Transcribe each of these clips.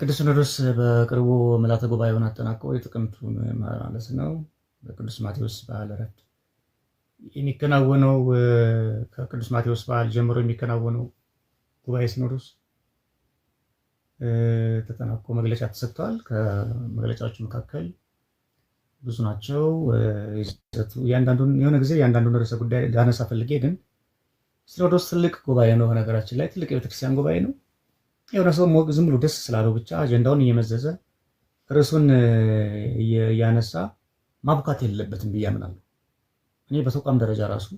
ቅዱስ ሲኖዶስ በቅርቡ ምልዓተ ጉባኤውን አጠናቆ የጥቅምቱን ማለት ነው በቅዱስ ማቴዎስ በዓለ ዕረፍት የሚከናወነው ከቅዱስ ማቴዎስ በዓል ጀምሮ የሚከናወነው ጉባኤ ሲኖዶስ ተጠናቆ መግለጫ ተሰጥቷል። ከመግለጫዎቹ መካከል ብዙ ናቸው። ይዘቱ እያንዳንዱን የሆነ ጊዜ እያንዳንዱን ርዕሰ ጉዳይ ላነሳ ፈልጌ፣ ግን ሲኖዶስ ትልቅ ጉባኤ ነው። በነገራችን ላይ ትልቅ የቤተክርስቲያን ጉባኤ ነው። የህብረተሰቡ ወግ ዝም ብሎ ደስ ስላለው ብቻ አጀንዳውን እየመዘዘ ርዕሱን እያነሳ ማብካት የለበትም ብዬ አምናለሁ። እኔ በተቋም ደረጃ ራሱ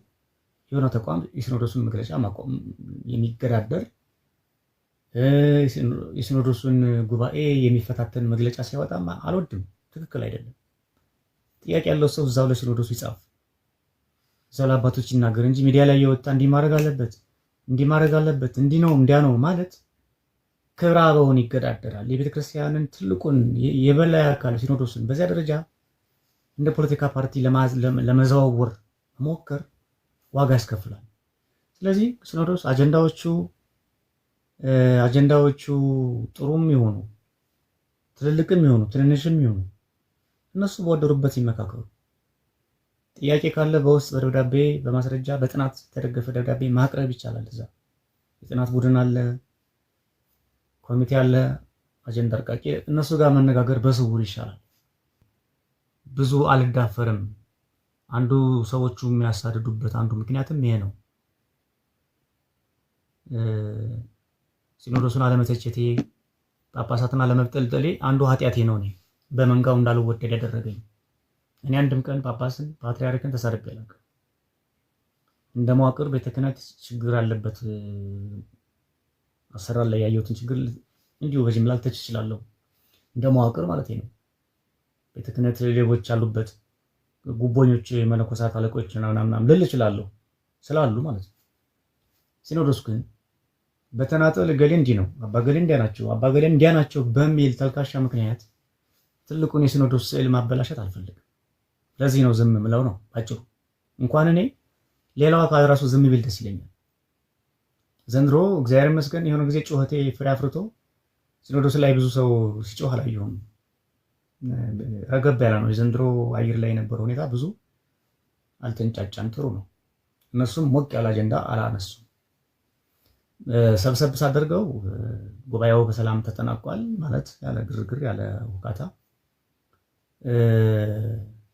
የሆነ ተቋም የሲኖዶሱን መግለጫ ማቆም የሚገዳደር የሲኖዶሱን ጉባኤ የሚፈታተን መግለጫ ሲያወጣ አልወድም። ትክክል አይደለም። ጥያቄ ያለው ሰው እዛው ለሲኖዶሱ ይጻፍ፣ እዛው ለአባቶች ይናገር እንጂ ሚዲያ ላይ የወጣ እንዲህ ማድረግ አለበት እንዲህ ማድረግ አለበት እንዲህ ነው እንዲያ ነው ማለት ክብረ አበውን ይገዳደራል። የቤተ ክርስቲያንን ትልቁን የበላይ አካል ሲኖዶስን በዚያ ደረጃ እንደ ፖለቲካ ፓርቲ ለመዘዋወር ሞከር ዋጋ ያስከፍላል። ስለዚህ ሲኖዶስ አጀንዳዎቹ አጀንዳዎቹ ጥሩም ይሆኑ ትልልቅም ይሆኑ ትንንሽም ይሆኑ እነሱ በወደሩበት ይመካከሉ። ጥያቄ ካለ በውስጥ በደብዳቤ በማስረጃ በጥናት የተደገፈ ደብዳቤ ማቅረብ ይቻላል። እዛ የጥናት ቡድን አለ ኮሚቴ ያለ አጀንዳ አርቃቂ እነሱ ጋር መነጋገር በስውር ይሻላል። ብዙ አልዳፈርም። አንዱ ሰዎቹ የሚያሳድዱበት አንዱ ምክንያትም ይሄ ነው። ሲኖዶሱን አለመተቸቴ፣ ጳጳሳትን አለመብጠልጠሌ አንዱ ኃጢአቴ ነው። እኔ በመንጋው እንዳልወደድ ያደረገኝ እኔ አንድም ቀን ጳጳስን ፓትሪያርክን ተሳድቤ አላውቅም። እንደ መዋቅር ቤተ ክህነት ችግር አለበት አሰራር ላይ ያየሁትን ችግር እንዲሁ በዚህም ላልተች እችላለሁ። እንደ መዋቅር ማለት ነው። ቤተ ክህነት ሌቦች አሉበት፣ ጉቦኞች፣ መነኮሳት፣ አለቆች ምናምናም ልል እችላለሁ ስላሉ ማለት ነው። ሲኖዶስ ግን በተናጠል ገሌ እንዲህ ነው፣ አባ ገሌ እንዲያ ናቸው፣ አባ ገሌ እንዲያ ናቸው በሚል ተልካሻ ምክንያት ትልቁን የሲኖዶስ ስዕል ማበላሸት አልፈልግም። ለዚህ ነው ዝም ምለው ነው አጭሩ። እንኳን እኔ ሌላዋ ከራሱ ዝም ቢል ደስ ይለኛል። ዘንድሮ እግዚአብሔር ይመስገን የሆነ ጊዜ ጩኸቴ ፍሬ አፍርቶ ሲኖዶስ ላይ ብዙ ሰው ሲጮህ አላየሁም። ረገብ ያለ ነው። የዘንድሮ አየር ላይ የነበረ ሁኔታ ብዙ አልተንጫጫን። ጥሩ ነው። እነሱም ሞቅ ያለ አጀንዳ አላነሱም። ሰብሰብ ሳደርገው ጉባኤው በሰላም ተጠናቋል። ማለት ያለ ግርግር ያለ ውካታ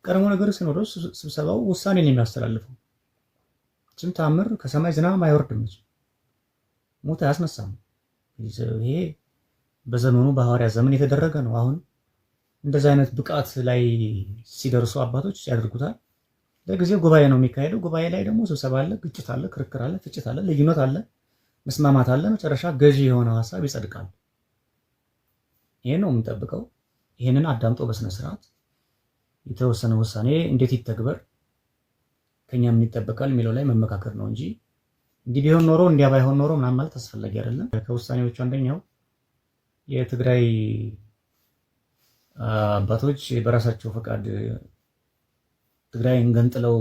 ቀድሞ ነገር ሲኖዶስ ስብሰባው ውሳኔን የሚያስተላልፈው ችም ታምር ከሰማይ ዝናብ አይወርድም። ሞት አያስነሳም። ይሄ በዘመኑ በሐዋርያ ዘመን የተደረገ ነው። አሁን እንደዚህ አይነት ብቃት ላይ ሲደርሱ አባቶች ያደርጉታል። ለጊዜው ጉባኤ ነው የሚካሄደው። ጉባኤ ላይ ደግሞ ስብሰባ አለ፣ ግጭት አለ፣ ክርክር አለ፣ ፍጭት አለ፣ ልዩነት አለ፣ መስማማት አለ። መጨረሻ ገዢ የሆነው ሀሳብ ይጸድቃል። ይሄን ነው የምንጠብቀው። ይህንን አዳምጦ በስነስርዓት የተወሰነ ውሳኔ እንዴት ይተግበር ከኛ ምን ይጠበቃል የሚለው ላይ መመካከር ነው እንጂ እንዲህ ቢሆን ኖሮ እንዲያ ባይሆን ኖሮ ምናምን ማለት አስፈላጊ አይደለም። ከውሳኔዎቹ አንደኛው የትግራይ አባቶች በራሳቸው ፈቃድ ትግራይን ገንጥለው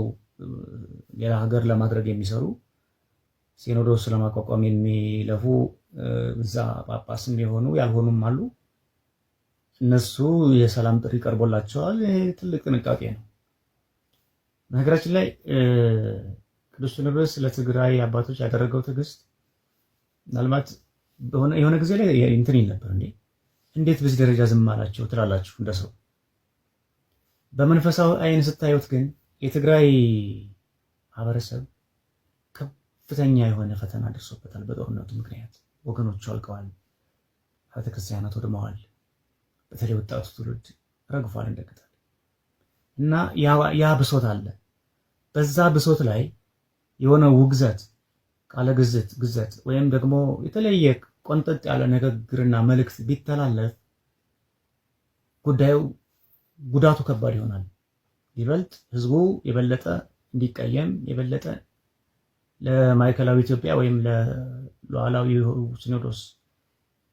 ሌላ ሀገር ለማድረግ የሚሰሩ ሲኖዶስ ለማቋቋም የሚለፉ እዛ ጳጳስም የሆኑ ያልሆኑም አሉ። እነሱ የሰላም ጥሪ ቀርቦላቸዋል። ትልቅ ጥንቃቄ ነው። በነገራችን ላይ ቅዱስ ሲኖዶስ ለትግራይ አባቶች ያደረገው ትዕግስት ምናልባት የሆነ ጊዜ ላይ እንትን ይል ነበር እንዴ እንዴት በዚህ ደረጃ ዝም አላቸው ትላላችሁ እንደ ሰው። በመንፈሳዊ አይን ስታዩት ግን የትግራይ ማህበረሰብ ከፍተኛ የሆነ ፈተና ደርሶበታል። በጦርነቱ ምክንያት ወገኖቹ አልቀዋል፣ ቤተክርስቲያናት ወድመዋል፣ በተለይ ወጣቱ ትውልድ ረግፏል እንደቅጠል እና ያ ብሶት አለ በዛ ብሶት ላይ የሆነ ውግዘት ቃለ ግዝት ግዘት ወይም ደግሞ የተለየ ቆንጠጥ ያለ ንግግርና መልእክት ቢተላለፍ ጉዳዩ ጉዳቱ ከባድ ይሆናል። ይበልጥ ህዝቡ የበለጠ እንዲቀየም የበለጠ ለማዕከላዊ ኢትዮጵያ ወይም ለሉዓላዊ ሲኖዶስ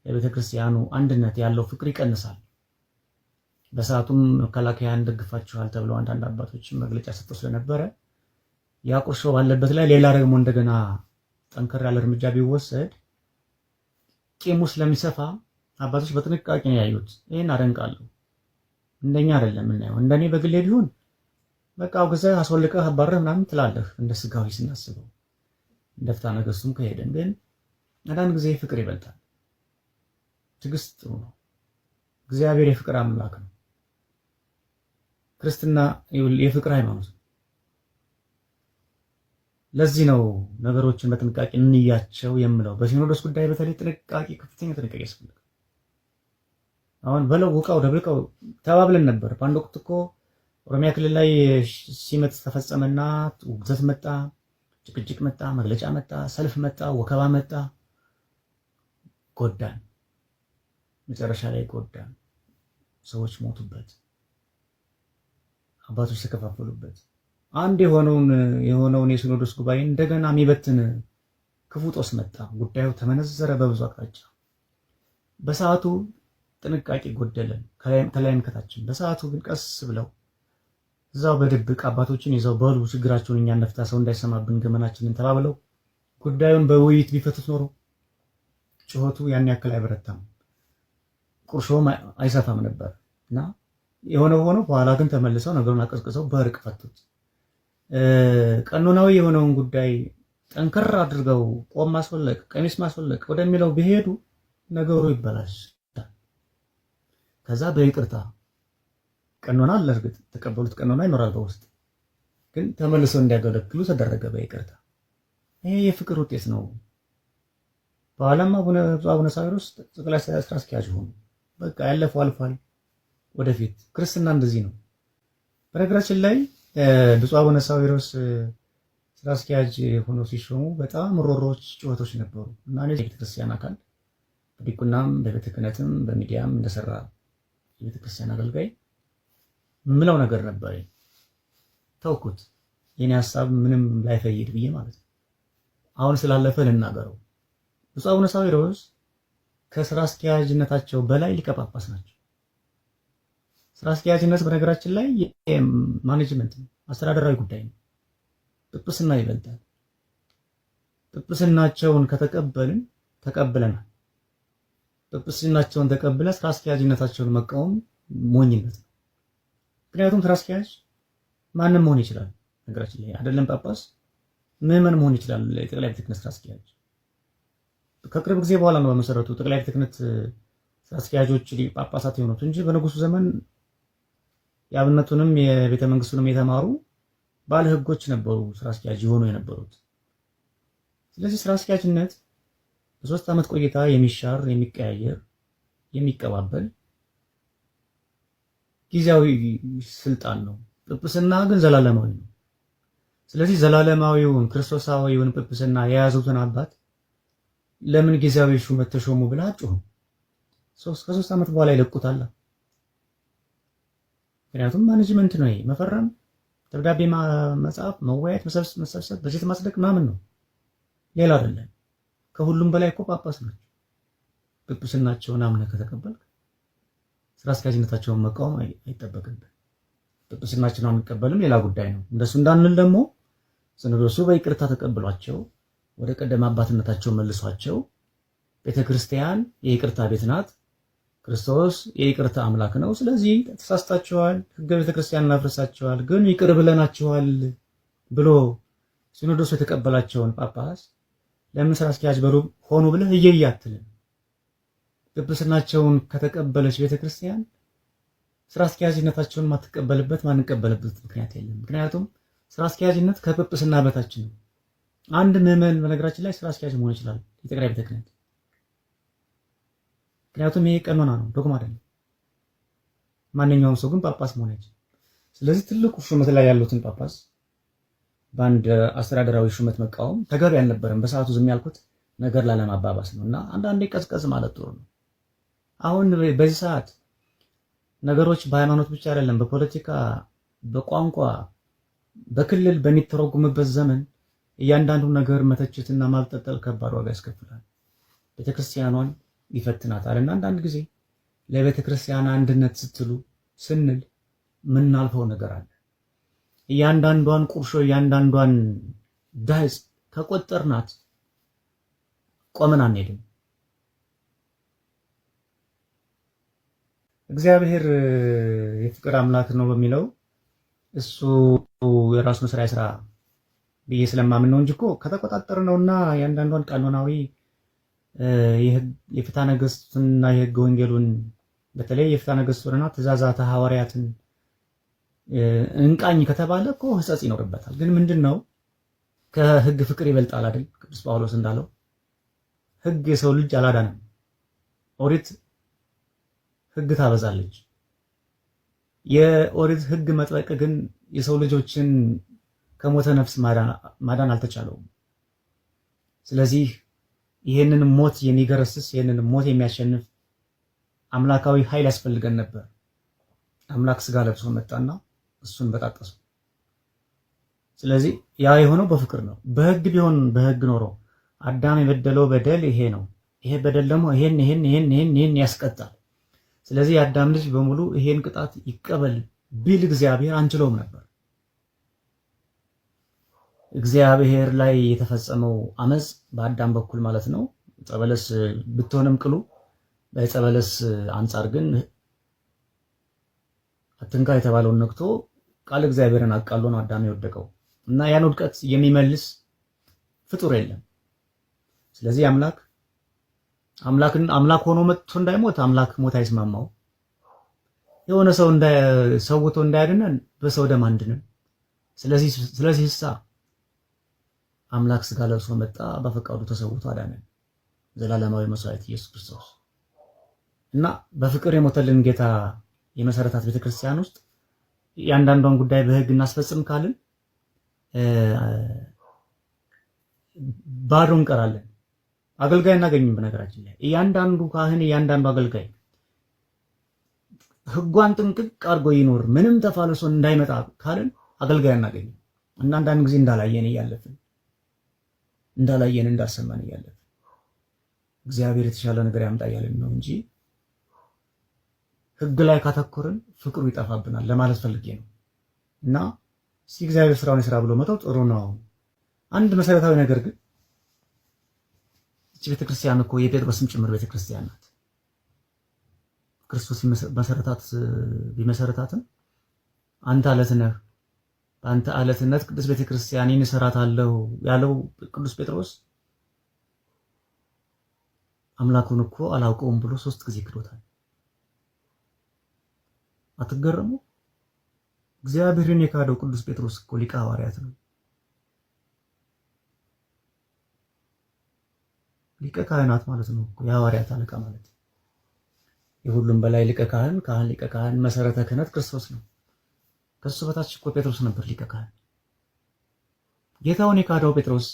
ለቤተ ክርስቲያኑ አንድነት ያለው ፍቅር ይቀንሳል። በሰዓቱም መከላከያን ደግፋችኋል ተብለው አንዳንድ አባቶች መግለጫ ሰጥተው ስለነበረ ያ ባለበት ላይ ሌላ ደግሞ እንደገና ጠንከር ያለ እርምጃ ቢወሰድ ቂሙ ስለሚሰፋ አባቶች በጥንቃቄ ነው ያዩት። ይህን አደንቃለሁ። እንደኛ አይደለም የምናየው። እንደኔ በግሌ ቢሆን በቃ አውግዘህ አስወልቀህ አባረህ ምናምን ትላለህ፣ እንደ ስጋዊ ስናስበው እንደ ነገስቱም ነገሥቱም ከሄደን ግን አንዳንድ ጊዜ ፍቅር ይበልጣል። ትዕግስት ጥሩ ነው። እግዚአብሔር የፍቅር አምላክ ነው። ክርስትና የፍቅር ሃይማኖት ነው። ለዚህ ነው ነገሮችን በጥንቃቄ እንያቸው የምለው። በሲኖዶስ ጉዳይ በተለይ ጥንቃቄ፣ ከፍተኛ ጥንቃቄ ያስፈልጋል። አሁን በለው ውቃው ደብልቀው ተባብለን ነበር። በአንድ ወቅት እኮ ኦሮሚያ ክልል ላይ ሲመት ተፈጸመና ውግዘት መጣ፣ ጭቅጭቅ መጣ፣ መግለጫ መጣ፣ ሰልፍ መጣ፣ ወከባ መጣ። ጎዳን፣ መጨረሻ ላይ ጎዳን። ሰዎች ሞቱበት፣ አባቶች ተከፋፈሉበት። አንድ የሆነውን የሆነውን የሲኖዶስ ጉባኤ እንደገና የሚበትን ክፉ ጦስ መጣ። ጉዳዩ ተመነዘረ በብዙ አቅጣጫ። በሰዓቱ ጥንቃቄ ጎደለን ከላይም ከታችን። በሰዓቱ ግን ቀስ ብለው እዛው በድብቅ አባቶችን ይዘው በሉ ችግራቸውን እኛ ነፍታ ሰው እንዳይሰማብን ገመናችንን ተባብለው ጉዳዩን በውይይት ቢፈቱት ኖሮ ጩኸቱ ያን ያክል አይበረታም፣ ቁርሾም አይሰፋም ነበር እና የሆነ ሆኖ በኋላ ግን ተመልሰው ነገሩን አቀዝቅዘው በእርቅ ፈቱት። ቀኖናዊ የሆነውን ጉዳይ ጠንከር አድርገው ቆብ ማስወለቅ፣ ቀሚስ ማስወለቅ ወደሚለው ቢሄዱ ነገሩ ይበላሽ። ከዛ በይቅርታ ቀኖና አለ። እርግጥ ተቀበሉት ቀኖና ይኖራል በውስጥ ግን ተመልሰው እንዲያገለግሉ ተደረገ በይቅርታ። ይሄ የፍቅር ውጤት ነው። በኋላም አቡነ ሳዊሮስ ጠቅላይ ስራ አስኪያጅ ሆኑ። በቃ ያለፈው አልፏል። ወደፊት ክርስትና እንደዚህ ነው። በነገራችን ላይ ብፁዕ አቡነ ሳዊሮስ ስራ አስኪያጅ ሆኖ ሲሾሙ በጣም ሮሮች፣ ጩኸቶች ነበሩ እና እኔ የቤተክርስቲያን አካል በዲቁናም በቤተ ክህነትም በሚዲያም እንደሰራ የቤተክርስቲያን አገልጋይ ምለው ነገር ነበር። ተውኩት። የኔ ሀሳብ ምንም ላይፈይድ ብዬ ማለት ነው። አሁን ስላለፈ ልናገረው። ብፁ አቡነ ሳዊሮስ ከስራ አስኪያጅነታቸው በላይ ሊቀ ጳጳስ ናቸው። ስራ አስኪያጅነት በነገራችን ላይ ማኔጅመንት ነው፣ አስተዳደራዊ ጉዳይ ነው። ጵጵስና ይበልጣል። ጵጵስናቸውን ከተቀበልን ተቀብለናል። ጵጵስናቸውን ተቀብለ ስራ አስኪያጅነታቸውን መቃወም ሞኝነት ነው። ምክንያቱም ስራ አስኪያጅ ማንም መሆን ይችላል። ነገራችን ላይ አይደለም ጳጳስ ምዕመን መሆን ይችላል። የጠቅላይ ቤተ ክህነት ስራ አስኪያጅ ከቅርብ ጊዜ በኋላ ነው በመሰረቱ ጠቅላይ ቤተ ክህነት ስራ አስኪያጆች ጳጳሳት የሆኑት እንጂ በንጉሱ ዘመን የአብነቱንም የቤተ መንግስቱንም የተማሩ ባለ ህጎች ነበሩ ስራ አስኪያጅ የሆኑ የነበሩት። ስለዚህ ስራ አስኪያጅነት በሶስት ዓመት ቆይታ የሚሻር የሚቀያየር የሚቀባበል ጊዜያዊ ስልጣን ነው። ጵጵስና ግን ዘላለማዊ ነው። ስለዚህ ዘላለማዊውን ክርስቶሳዊውን ጵጵስና የያዙትን አባት ለምን ጊዜያዊ ሹመት ተሾሙ ብላ አጩሁም ከሶስት ዓመት በኋላ ይለቁታል። ምክንያቱም ማኔጅመንት ነው ይሄ። መፈረም፣ ደብዳቤ መጻፍ፣ መወያየት፣ መሰብሰብ፣ በጀት ማጽደቅ ምናምን ነው፣ ሌላ አይደለም። ከሁሉም በላይ እኮ ጳጳስ ናቸው። ጵጵስናቸውን አምነህ ከተቀበልክ ስራ አስኪያጅነታቸውን መቃወም አይጠበቅብን። ጵጵስናቸውን አንቀበልም ሌላ ጉዳይ ነው። እንደሱ እንዳንል ደግሞ ሲኖዶሱ በይቅርታ ተቀብሏቸው ወደ ቀደመ አባትነታቸው መልሷቸው ቤተክርስቲያን የይቅርታ ቤት ናት። ክርስቶስ የይቅርታ አምላክ ነው። ስለዚህ ተሳስታችኋል፣ ሕገ ቤተክርስቲያንን አፍርሳችኋል፣ ግን ይቅር ብለናችኋል ብሎ ሲኖዶሱ የተቀበላቸውን ጳጳስ ለምን ስራ አስኪያጅ በሉ ሆኑ ብለህ እየየ አትልም? ቅብስናቸውን ከተቀበለች ቤተክርስቲያን ስራ አስኪያጅነታቸውን ማትቀበልበት ማንቀበልበት ምክንያት የለም። ምክንያቱም ስራ አስኪያጅነት ከጵጵስና በታች ነው። አንድ ምዕመን በነገራችን ላይ ስራ አስኪያጅ መሆን ይችላል የጠቅላይ ቤተ ክህነት ምክንያቱም ይሄ ቀኖና ነው፣ ዶግማ አይደለም። ማንኛውም ሰው ግን ጳጳስ መሆን አይችልም። ስለዚህ ትልቁ ሹመት ላይ ያሉትን ጳጳስ በአንድ አስተዳደራዊ ሹመት መቃወም ተገቢ አልነበረም። በሰዓቱ ዝም ያልኩት ነገር ላለማባባስ ነው እና አንዳንዴ ቀዝቀዝ ማለት ጥሩ ነው። አሁን በዚህ ሰዓት ነገሮች በሃይማኖት ብቻ አይደለም፣ በፖለቲካ፣ በቋንቋ፣ በክልል በሚተረጉምበት ዘመን እያንዳንዱ ነገር መተችትና ማብጠጠል ከባድ ዋጋ ያስከፍላል ቤተክርስቲያኗን ይፈትናታል። እና አንዳንድ ጊዜ ለቤተ ክርስቲያን አንድነት ስትሉ ስንል የምናልፈው ነገር አለ። እያንዳንዷን ቁርሾ እያንዳንዷን ዳይስ ከቆጠርናት ቆመን አንሄድም። እግዚአብሔር የፍቅር አምላክ ነው በሚለው እሱ የራሱን ስራ ብዬ ስለማምን ነው እንጂ እኮ ከተቆጣጠር ነውና የአንዳንዷን ቀኖናዊ የፍትሐ ነገሥቱንና የሕገ ወንጌሉን በተለይ የፍትሐ ነገሥቱንና ትእዛዛተ ሐዋርያትን እንቃኝ ከተባለ እኮ ሕጸጽ ይኖርበታል። ግን ምንድን ነው ከሕግ ፍቅር ይበልጣል አይደል? ቅዱስ ጳውሎስ እንዳለው ሕግ የሰው ልጅ አላዳንም። ኦሪት ሕግ ታበዛለች። የኦሪት ሕግ መጥበቅ ግን የሰው ልጆችን ከሞተ ነፍስ ማዳን አልተቻለውም። ስለዚህ ይህንን ሞት የሚገረስስ ይህንን ሞት የሚያሸንፍ አምላካዊ ኃይል ያስፈልገን ነበር። አምላክ ስጋ ለብሶ መጣና እሱን በጣጠሱ። ስለዚህ ያ የሆነው በፍቅር ነው። በህግ ቢሆን በህግ ኖሮ አዳም የበደለው በደል ይሄ ነው። ይሄ በደል ደግሞ ይሄን ይሄን ይሄን ይሄን ይሄን ያስቀጣል። ስለዚህ የአዳም ልጅ በሙሉ ይሄን ቅጣት ይቀበል ቢል እግዚአብሔር አንችለውም ነበር። እግዚአብሔር ላይ የተፈጸመው አመፅ በአዳም በኩል ማለት ነው። ጸበለስ ብትሆንም ቅሉ በጸበለስ አንጻር ግን አትንካ የተባለውን ነክቶ ቃል እግዚአብሔርን አቃሎ ነው አዳም የወደቀው እና ያን ውድቀት የሚመልስ ፍጡር የለም። ስለዚህ አምላክ አምላክን አምላክ ሆኖ መጥቶ እንዳይሞት አምላክ ሞት አይስማማው። የሆነ ሰው ሰውቶ እንዳያድነን በሰው ደም አንድነን። ስለዚህ ስለዚህ አምላክ ስጋ ለብሶ መጣ፣ በፈቃዱ ተሰውቶ አዳነን። ዘላለማዊ መስዋዕት ኢየሱስ ክርስቶስ እና በፍቅር የሞተልን ጌታ የመሰረታት ቤተክርስቲያን ውስጥ የአንዳንዷን ጉዳይ በህግ እናስፈጽም ካልን ባዶ እንቀራለን። አገልጋይ እናገኝም። በነገራችን ላይ እያንዳንዱ ካህን፣ እያንዳንዱ አገልጋይ ህጓን ጥንቅቅ አድርጎ ይኖር ምንም ተፋልሶ እንዳይመጣ ካልን አገልጋይ እናገኝም እና አንዳንድ ጊዜ እንዳላየን እያለፍን እንዳላየን እንዳሰማን እያለን እግዚአብሔር የተሻለ ነገር ያምጣ እያለን ነው እንጂ ህግ ላይ ካተኮርን ፍቅሩ ይጠፋብናል ለማለት ፈልጌ ነው። እና እስቲ እግዚአብሔር ስራውን የስራ ብሎ መተው ጥሩ ነው። አንድ መሰረታዊ ነገር ግን እቺ ቤተክርስቲያን እኮ የጴጥሮስም ጭምር ቤተክርስቲያን ናት። ክርስቶስ መሰረታት ቢመሰረታትም አንተ አለት ነህ በአንተ አለትነት ቅዱስ ቤተክርስቲያኔን እሰራታለሁ ያለው ቅዱስ ጴጥሮስ አምላኩን እኮ አላውቀውም ብሎ ሶስት ጊዜ ክዶታል። አትገረሙ? እግዚአብሔርን የካደው ቅዱስ ጴጥሮስ እኮ ሊቀ ሐዋርያት ነው። ሊቀ ካህናት ማለት ነው እኮ የሐዋርያት አለቃ ማለት የሁሉም በላይ ሊቀ ካህን ካህን ሊቀ ካህን መሰረተ ክህነት ክርስቶስ ነው። ከሱ በታች እኮ ጴጥሮስ ነበር ሊቀ ካህን። ጌታውን የካደው ጴጥሮስ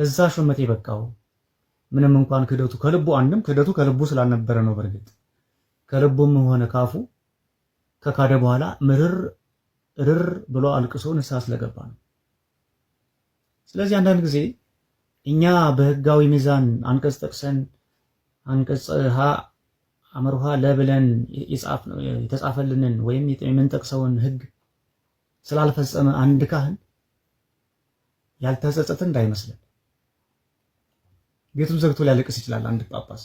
ለዛ ሹመት የበቃው ምንም እንኳን ክደቱ ከልቡ አንድም ክደቱ ከልቡ ስላልነበረ ነው። በእርግጥ ከልቡም ሆነ ካፉ ከካደ በኋላ ምርር ርር ብሎ አልቅሶ ንስሐ ስለገባ ነው። ስለዚህ አንዳንድ ጊዜ እኛ በህጋዊ ሚዛን አንቀጽ ጠቅሰን አንቀጽ አመርሃ ለብለን የተጻፈልንን ወይም የምንጠቅሰውን ህግ ስላልፈጸመ አንድ ካህን ያልተጸጸተ እንዳይመስለን። ቤቱን ዘግቶ ሊያለቅስ ይችላል። አንድ ጳጳስ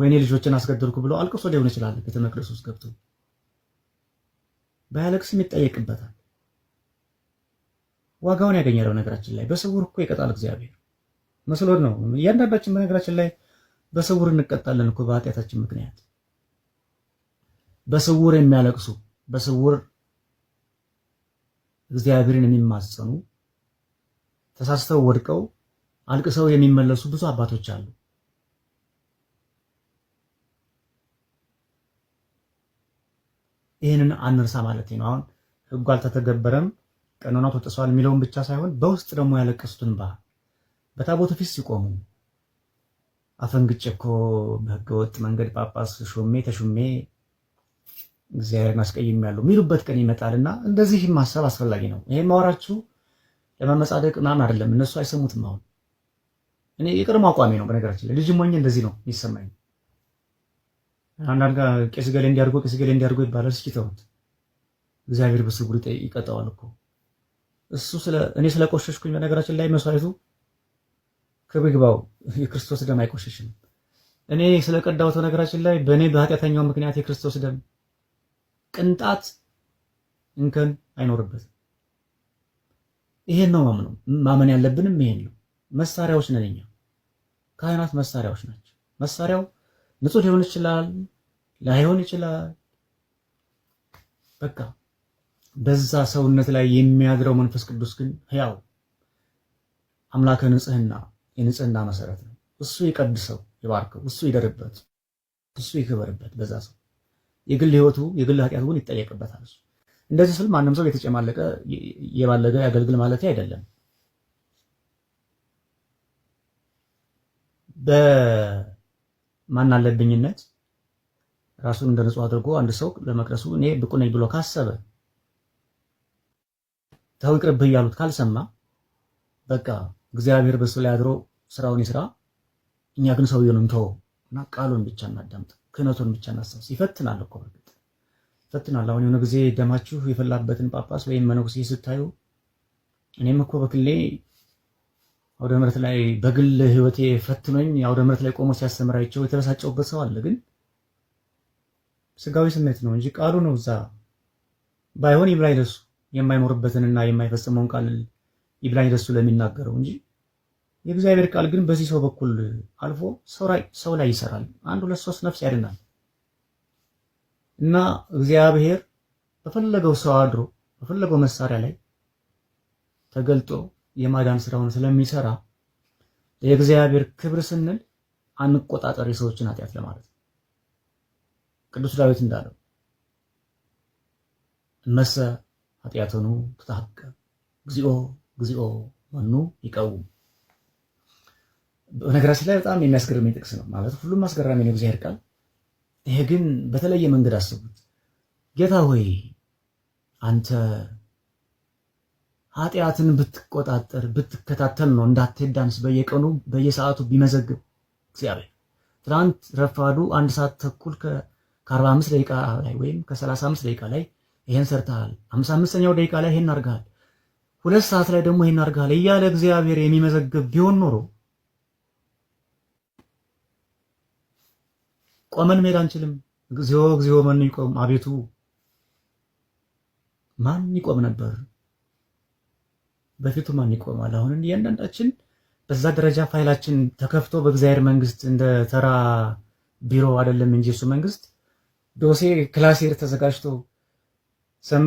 ወይኔ ልጆችን አስገደልኩ ብሎ አልቅሶ ሊሆን ይችላል። ቤተ መቅደስ ውስጥ ገብቶ ባያለቅስም ይጠየቅበታል። ዋጋውን ያገኛለው። ነገራችን ላይ በስውር እኮ ይቀጣል እግዚአብሔር መስሎን ነው እያንዳንዳችን በነገራችን ላይ በስውር እንቀጣለን እኮ በኃጢአታችን ምክንያት። በስውር የሚያለቅሱ በስውር እግዚአብሔርን የሚማጸኑ ተሳስተው ወድቀው አልቅሰው የሚመለሱ ብዙ አባቶች አሉ። ይህንን አንርሳ ማለት ነው። አሁን ህጉ አልተተገበረም፣ ቀኖናው ተጥሷል የሚለውን ብቻ ሳይሆን በውስጥ ደግሞ ያለቀሱትን ባ በታቦቱ ፊት ሲቆሙ አፈንግጬ እኮ በህገወጥ መንገድ ጳጳስ ሾሜ ተሾሜ እግዚአብሔርን አስቀይሜያለሁ የሚሉበት ቀን ይመጣል እና እንደዚህ ማሰብ አስፈላጊ ነው። ይሄ ማወራችሁ ለመመጻደቅ ምናምን አይደለም፣ እነሱ አይሰሙትም። አሁን እኔ የቅድሞ አቋሚ ነው። በነገራችን ላይ ልጅም ሆኜ እንደዚህ ነው የሚሰማኝ። አንዳንድ ጋር ቄስ ገሌ እንዲያርጎ ቄስ ገሌ እንዲያርጎ ይባላል። እስኪ ተውት፣ እግዚአብሔር በስውር ይቀጠዋል እኮ እሱ። እኔ ስለቆሸሽኩኝ በነገራችን ላይ መስዋዕቱ ከብግባው የክርስቶስ ደም አይቆሸሽም። እኔ ስለቀዳሁት ነገራችን ላይ በእኔ በኃጢአተኛው ምክንያት የክርስቶስ ደም ቅንጣት እንከን አይኖርበትም። ይሄን ነው ማምነው ማመን ያለብንም ይሄን ነው። መሳሪያዎች ነን እኛ ካህናት መሳሪያዎች ናቸው። መሳሪያው ንጹህ ሊሆን ይችላል፣ ላይሆን ይችላል። በቃ በዛ ሰውነት ላይ የሚያድረው መንፈስ ቅዱስ ግን ያው አምላከ ንጽህና የንጽህና መሰረት ነው። እሱ ይቀድሰው፣ ይባርከው፣ እሱ ይደርበት፣ እሱ ይክበርበት። በዛ ሰው የግል ህይወቱ የግል ኃጢአቱን ይጠየቅበታል። እሱ እንደዚህ ስል ማንም ሰው የተጨማለቀ የባለገ ያገልግል ማለት አይደለም። በማናለብኝነት ራሱን እንደ ንጹህ አድርጎ አንድ ሰው ለመቅደሱ እኔ ብቁ ነኝ ብሎ ካሰበ ተው ይቅርብህ እያሉት ካልሰማ በቃ እግዚአብሔር በሱ ላይ አድሮ ስራውን ይስራ። እኛ ግን ሰውየውን እንተወው እና ቃሉን ብቻ እናዳምጥ፣ ክህነቱን ብቻ እናስታውስ። ይፈትናል እኮ በእርግጥ ይፈትናል። አሁን የሆነ ጊዜ ደማችሁ የፈላበትን ጳጳስ ወይም መነኩሴ ስታዩ እኔም እኮ በክሌ አውደ ምረት ላይ በግል ህይወቴ ፈትኖኝ አውደ ምረት ላይ ቆሞ ሲያስተምራቸው የተበሳጨውበት ሰው አለ። ግን ስጋዊ ስሜት ነው እንጂ ቃሉ ነው እዛ ባይሆን ይብላይ ለሱ የማይኖርበትንና የማይፈጽመውን ቃል ይብላኝ ደሱ ለሚናገረው እንጂ የእግዚአብሔር ቃል ግን በዚህ ሰው በኩል አልፎ ሰው ላይ ይሰራል። አንድ ሁለት ሶስት ነፍስ ያድናል። እና እግዚአብሔር በፈለገው ሰው አድሮ በፈለገው መሳሪያ ላይ ተገልጦ የማዳን ስራውን ስለሚሰራ የእግዚአብሔር ክብር ስንል አንቆጣጠር የሰዎችን ኃጢአት ለማለት ነው። ቅዱስ ዳዊት እንዳለው እመሰ ኃጢአትኑ ትታቀብ እግዚኦ እግዚኦ መኑ ይቀውም። በነገራችን ላይ በጣም የሚያስገርመኝ ጥቅስ ነው ማለት ሁሉም አስገራሚ ነው እግዚአብሔር ቃል። ይሄ ግን በተለየ መንገድ አስቡት። ጌታ ሆይ አንተ ኃጢአትን ብትቆጣጠር ብትከታተል ነው እንዳትዳንስ በየቀኑ በየሰዓቱ ቢመዘግብ እግዚአብሔር ትናንት ረፋዱ አንድ ሰዓት ተኩል ከ45 ደቂቃ ላይ ወይም ከ35 ደቂቃ ላይ ይሄን ሰርተሃል፣ 55ኛው ደቂቃ ላይ ይሄን አድርገሃል ሁለት ሰዓት ላይ ደግሞ ይሄን አድርገሃል እያለ እግዚአብሔር የሚመዘግብ ቢሆን ኖሮ ቆመን መሄድ አንችልም። እግዚኦ እግዚኦ ማን ይቆም አቤቱ ማን ይቆም ነበር በፊቱ ማን ይቆማል? አሁን እያንዳንዳችን በዛ ደረጃ ፋይላችን ተከፍቶ በእግዚአብሔር መንግስት እንደ ተራ ቢሮ አይደለም እንጂ እሱ መንግስት ዶሴ ክላሴር ተዘጋጅቶ ስም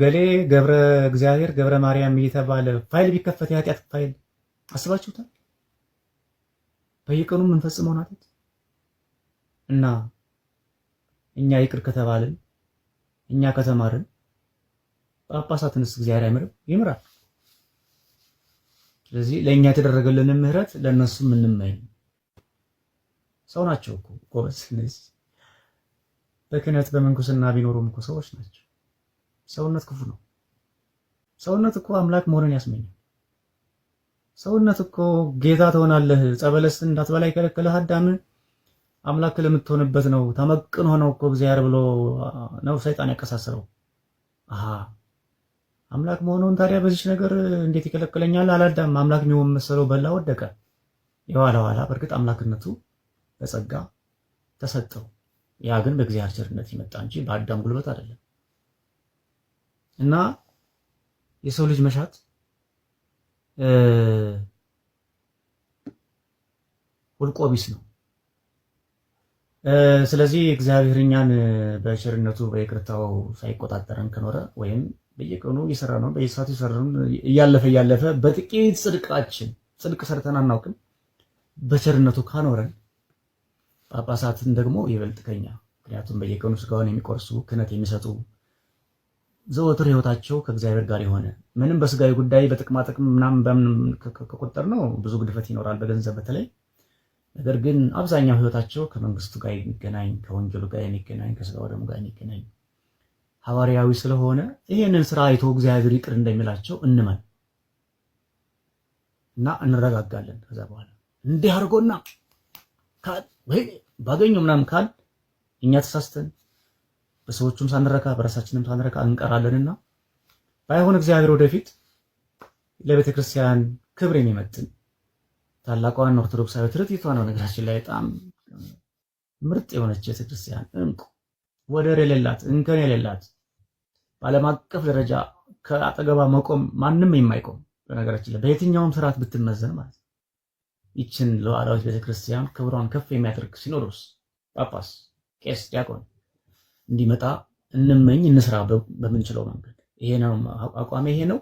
ገሌ ገብረ እግዚአብሔር ገብረ ማርያም እየተባለ ፋይል ቢከፈት የኃጢአት ፋይል አስባችሁታል? በየቀኑ የምንፈጽመውን ኃጢአት እና እኛ ይቅር ከተባልን እኛ ከተማርን ጳጳሳትንስ እግዚአብሔር አይምርም? ይምራል። ስለዚህ ለእኛ የተደረገልንን ምሕረት ለእነሱ ምንመኝ ሰው ናቸው እኮ ጎበዝ። እነዚህ በክህነት በምንኩስና ቢኖሩም እኮ ሰዎች ናቸው። ሰውነት ክፉ ነው። ሰውነት እኮ አምላክ መሆንን ያስመኛል። ሰውነት እኮ ጌታ ትሆናለህ። ጸበለስ እንዳትበላ የከለከለህ አዳም አምላክ ለምትሆንበት ነው። ተመቅን ሆነው እኮ እግዚአብሔር ብሎ ነው ሰይጣን ያቀሳሰረው። አሃ አምላክ መሆኑን ታዲያ በዚች ነገር እንዴት ይከለክለኛል? አላዳም አምላክ የሚሆን መሰለው በላ፣ ወደቀ። የኋላ ኋላ በእርግጥ አምላክነቱ በጸጋ ተሰጠው። ያ ግን በእግዚአብሔር ቸርነት ይመጣ እንጂ በአዳም ጉልበት አይደለም። እና የሰው ልጅ መሻት ሁልቆ ቢስ ነው። ስለዚህ እግዚአብሔር እኛን በቸርነቱ በይቅርታው ሳይቆጣጠረን ከኖረ ወይም በየቀኑ እየሰራ ነው በየሰዓቱ እየሰራ እያለፈ እያለፈ በጥቂት ጽድቃችን ጽድቅ ሰርተን አናውቅም በቸርነቱ ካኖረን ጳጳሳትን ደግሞ ይበልጥ ከኛ ምክንያቱም በየቀኑ ስጋውን የሚቆርሱ ክህነት የሚሰጡ ዘወትር ህይወታቸው ከእግዚአብሔር ጋር የሆነ ምንም በስጋዊ ጉዳይ በጥቅማጥቅም ምናምን በምን ከቆጠር ነው ብዙ ግድፈት ይኖራል፣ በገንዘብ በተለይ ነገር ግን አብዛኛው ህይወታቸው ከመንግስቱ ጋር የሚገናኝ ከወንጌሉ ጋር የሚገናኝ ከስጋ ወደሙ ጋር የሚገናኝ ሐዋርያዊ ስለሆነ ይህንን ስራ አይቶ እግዚአብሔር ይቅር እንደሚላቸው እንመን እና እንረጋጋለን። ከዛ በኋላ እንዲህ አድርጎና ባገኘው ምናምን ካል እኛ ተሳስተን በሰዎቹም ሳንረካ በራሳችንም ሳንረካ እንቀራለንና ባይሆን እግዚአብሔር ወደፊት ለቤተ ክርስቲያን ክብር የሚመጥን ታላቋን ኦርቶዶክሳዊ ትርኢቷ ነው። ነገራችን ላይ በጣም ምርጥ የሆነች ቤተ ክርስቲያን እንቁ፣ ወደር የሌላት እንከን የሌላት በዓለም አቀፍ ደረጃ ከአጠገባ መቆም ማንም የማይቆም በነገራችን ላይ በየትኛውም ስርዓት ብትመዘን ማለት ነው። ይችን ለዋላዊት ቤተክርስቲያን ክብሯን ከፍ የሚያደርግ ሲኖዶስ፣ ጳጳስ፣ ቄስ፣ ዲያቆን እንዲመጣ እንመኝ፣ እንስራ በምንችለው መንገድ። ይሄ ነው አቋሜ፣ ይሄ ነው።